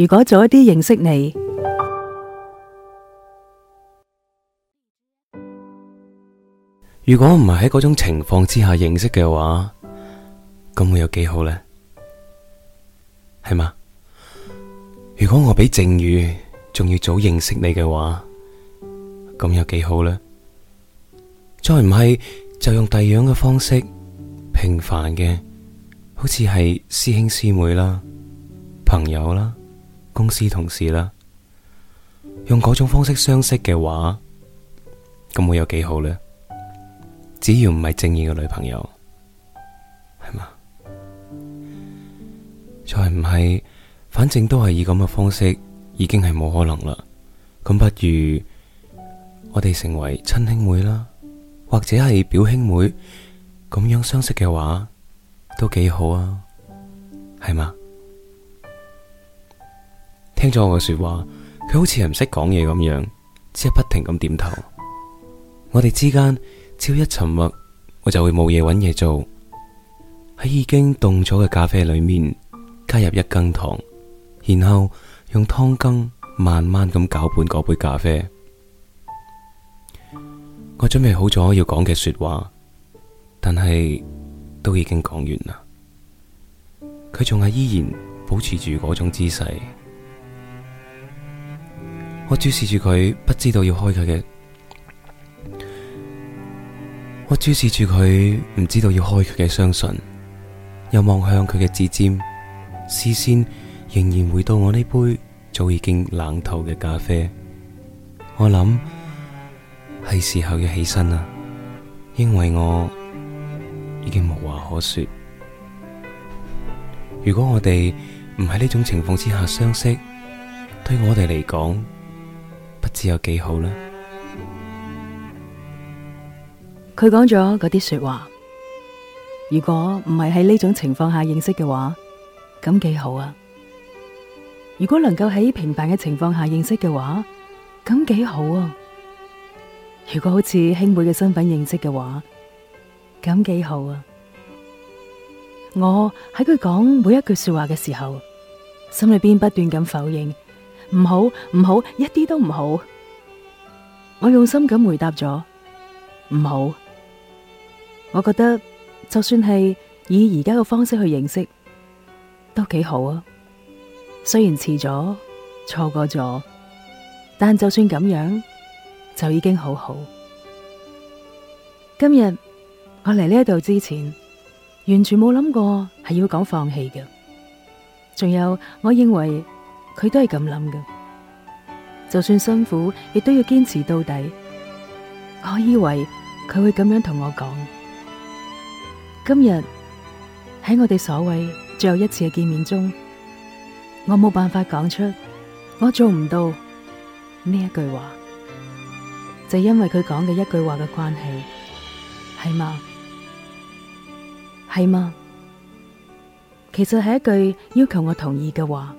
如果早一啲認識你，如果唔係喺嗰種情況之下認識嘅話，咁會有幾好呢？係嘛？如果我比靜宇仲要早認識你嘅話，咁有幾好呢？再唔係就用第二樣嘅方式，平凡嘅，好似係師兄師妹啦，朋友啦。公司同事啦，用嗰種方式相識嘅話，咁會有幾好呢？只要唔係正義嘅女朋友，係嘛？再唔係，反正都係以咁嘅方式，已經係冇可能啦。咁不如我哋成為親兄妹啦，或者係表兄妹，咁樣相識嘅話，都幾好啊，係嘛？聽咗我嘅說話，佢好似又唔識講嘢咁樣，只係不停咁點頭。我哋之間只要一沉默，我就會冇嘢揾嘢做。喺已經凍咗嘅咖啡裏面加入一羹糖，然後用湯羹慢慢咁攪拌嗰杯咖啡。我準備好咗要講嘅說話，但係都已經講完啦。佢仲係依然保持住嗰種姿勢。我注視住佢，不知道要開佢嘅；我注視住佢，唔知道要開佢嘅。相信又望向佢嘅指尖，視線，仍然回到我呢杯早已經冷透嘅咖啡。我諗係時候要起身啦，因為我已經無話可說。如果我哋唔喺呢種情況之下相識，對我哋嚟講。只有幾好啦。佢講咗嗰啲說話，如果唔係喺呢種情況下認識嘅話，咁幾好啊！如果能夠喺平凡嘅情況下認識嘅話，咁幾好啊！如果好似兄妹嘅身份認識嘅話，咁幾好啊！我喺佢講每一句說話嘅時候，心裏邊不斷咁否認。唔好，唔好，一啲都唔好。我用心咁回答咗，唔好。我覺得就算係以而家嘅方式去認識，都幾好啊。雖然遲咗，錯過咗，但就算咁樣，就已經好好。今日我嚟呢一度之前，完全冇諗過係要講放棄嘅。仲有，我認為。佢都係咁諗㗎，就算辛苦亦都要堅持到底。我以為佢會咁樣同我講。今日喺我哋所謂最後一次嘅見面中，我冇辦法講出我做唔到呢一句話，就因為佢講嘅一句話嘅關係，係嗎？係嗎？其實係一句要求我同意嘅話。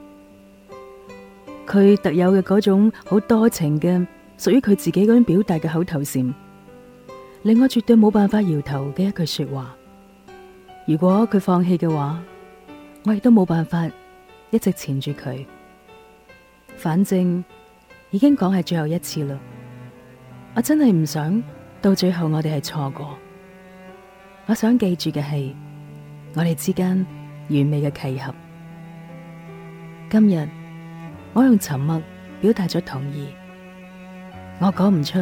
佢特有嘅嗰種好多情嘅、屬於佢自己嗰種表達嘅口頭禪，令我絕對冇辦法搖頭嘅一句說話。如果佢放棄嘅話，我亦都冇辦法一直纏住佢。反正已經講係最後一次啦，我真係唔想到最後我哋係錯過。我想記住嘅係我哋之間完美嘅契合。今日。我用沉默表達咗同意，我講唔出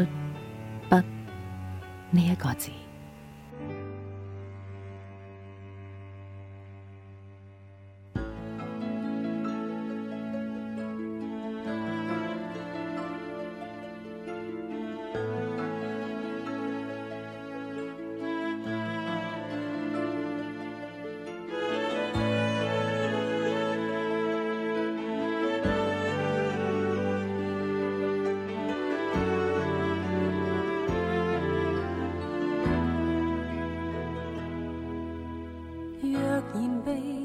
不呢一個字。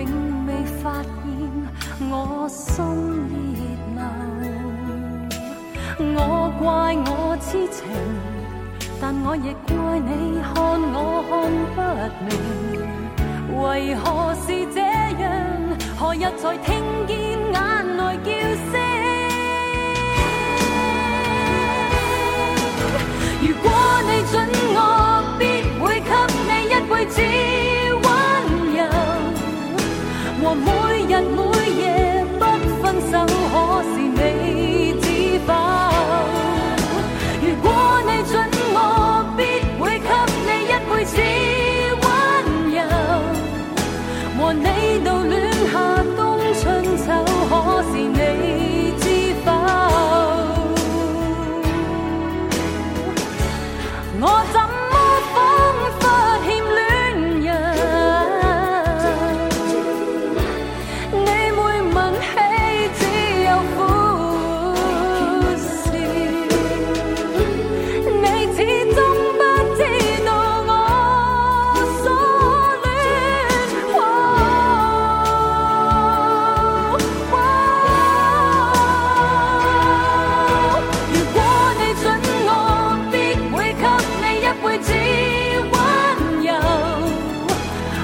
永未發現我心熱流，我怪我痴情，但我亦怪你看我看不明，為何是這樣，何日再聽見？